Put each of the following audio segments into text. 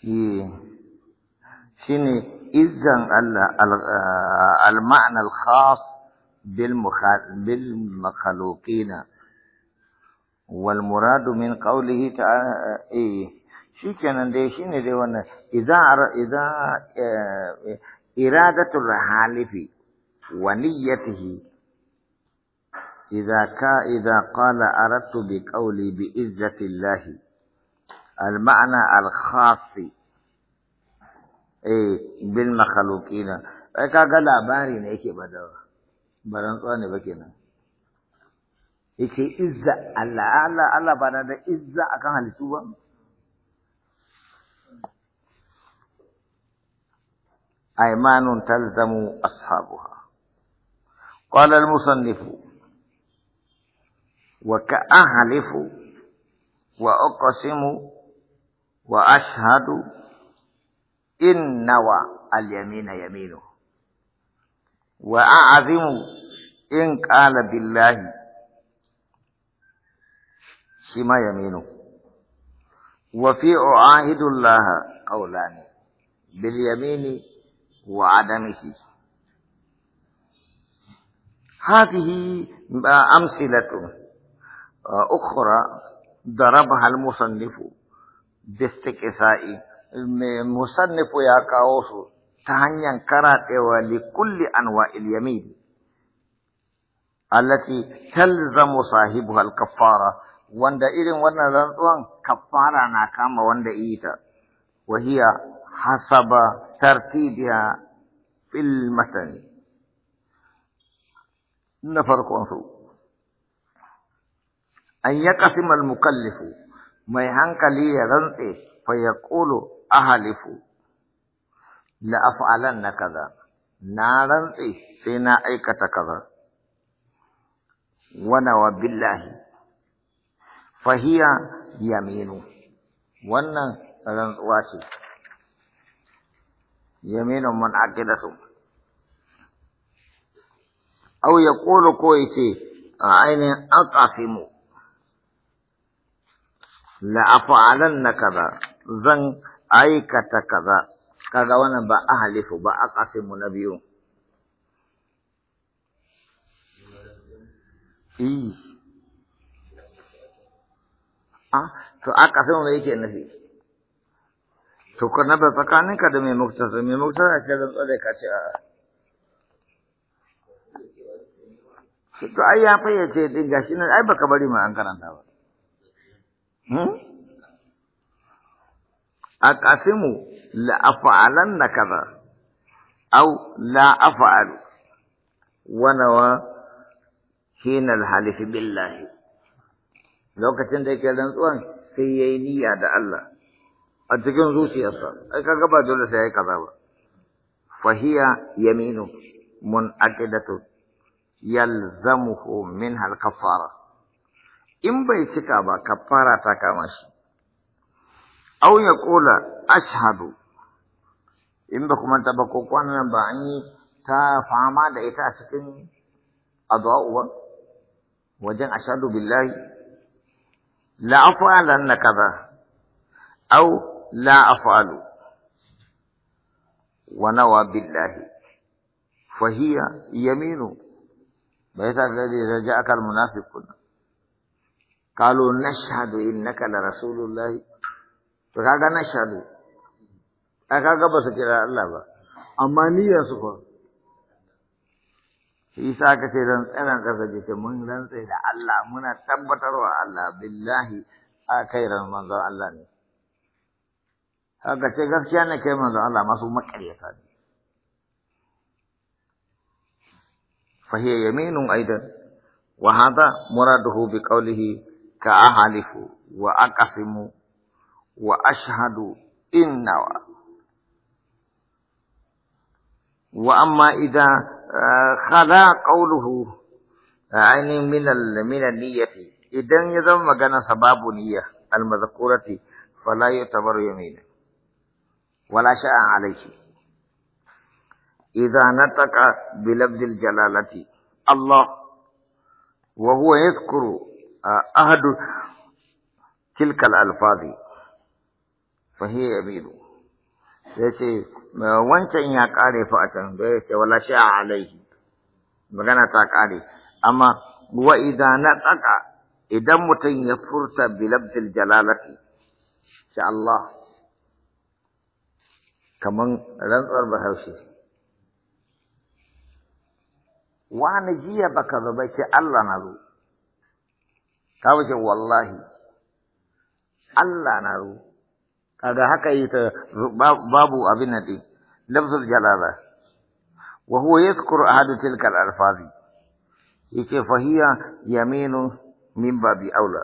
هي إيه. شنو اذا المعنى الخاص بالمخلوقين والمراد من قوله تعالى اي شو كان عندي شنو دي وانا اذا اذا آه، اراده الحالف ونيته اذا كا اذا قال اردت بقولي بعزه الله المعنى الخاص إيه، بالمخلوقين ايه كاكا لا باري نيكي بدو بران سوى نبكينا ايكي ازا الله الله الله بنادى ازا اكان هل سوى ايمان تلزم اصحابها قال المصنف وكأحلف وأقسم وأشهد إن نوى اليمين يمينه وأعظم إن قال بالله شما يمينه وفي أعاهد الله قولان باليمين وعدمه هذه أمثلة أخرى ضربها المصنف دستك إسائي مصنف يا كاوسو تهنيا كراتي ولكل أنواع اليمين التي تلزم صاحبها الكفارة وندا إذن وندا ذنطوان كفارة ناكامة وندا إيتا وهي حسب ترتيبها في المتن نفرق أن يقسم المكلف mai hankali ya rantse fa ya ƙulu ahalifu la af'alan na kaza na rantse sai na aikata kaza wana wa billahi fahiya yaminu wannan rantsuwa ce yaminun man au ya yaqulu ko ce a ainihin ƙasimu la'afa'alan na kaza zan aikata kaza kaga wannan ba a halifu ba a mu na biyu Iyi. A, to a ƙasimu yake nufi. To, ka tsakanin ka da mai muktasa, mai muktasa shi da tsare ka ce a. To, ai ya fayyace din gashi nan, ai baka bari mu an karanta ba. أقسم لأفعلن كذا أو لا أفعل ونوى حين الحلف بالله لو كتن كذا يدن سوان سييني يا الله أتكين زوسي أصلا أكا قبا جلس أي كذا فهي يمين منعقدة يلزمه منها الكفاره in bai cika ba ka fara ta kama shi au ya kula ashhadu in ba kuma ta ba ko kwanan ba an yi ta fama da ita a cikin ba wajen ashhadu billahi la af'alanna kaza au la af'alu wa nawa billahi yaminu. sa da بيتك الذي akal munafiqun قالوا نشهد إنك لرسول الله فكاغا نشهد أكاغا بس كلا الله با أما نية سفا Isa ka ce zan tsanan ƙasa ce mun rantse da Allah muna tabbatarwa Allah billahi a kairan manzon Allah ne. Haka ce gaskiya ne kai manzon Allah masu makaryata ne. Fahiyya yaminun aidan wa hada muraduhu bi qawlihi كأحلف وأقسم وأشهد إن وأما إذا آه، خلا قوله يعني من من النية إذا يذم مجانا سباب نية المذكورة فلا يعتبر يمينا ولا شاء عليه إذا نطق بلفظ الجلالة الله وهو يذكر أحد تلك الألفاظ فهي يميل يسي وانت إن يقالي فأسن بيسي ولا شاء عليه مغانا تقالي أما وإذا نطق إذا متن يفرت بلبس الجلالة إن شاء الله كمان رنطر بحوشي وانا جيه بكذا بيسي الله نظر ta wuce wallahi Allah na ru kaga haka yi ta babu abin nan din lafzul jalala wa huwa yadhkuru ahadu tilka al-alfazi yace fahiya yaminu min babi aula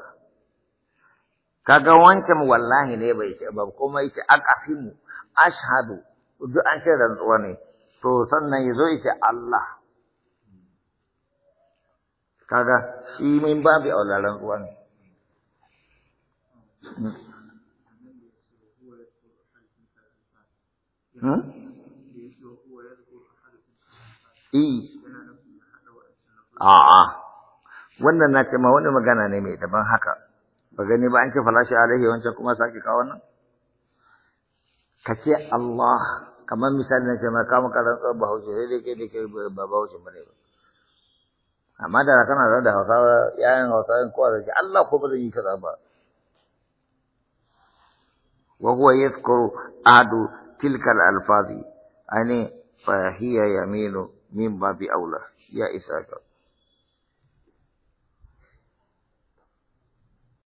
kaga wancan wallahi ne bai ce ba kuma yace aqasimu ashhadu duk an ce rantsuwa ne to sannan yazo yace Allah kaga shi min babu aularan oh, ruwa ne hmm? hmm? A'a, ah, ah. wannan na ce ma wani magana ne mai daban haka, ba gani ba an ce falashi alaihi wancan kuma sake kawo nan? Ka ce Allah, kamar misali na ce ma kama karan tsohon bahaushe, sai dai ke da ke ba bahaushe ba ne ba. amma da kana da hausawa yayan hausawa kowa da Allah ko ba yi kaza ba wa huwa yadhkuru adu tilka al-alfazi ani fa hiya yaminu min babi aula ya isaka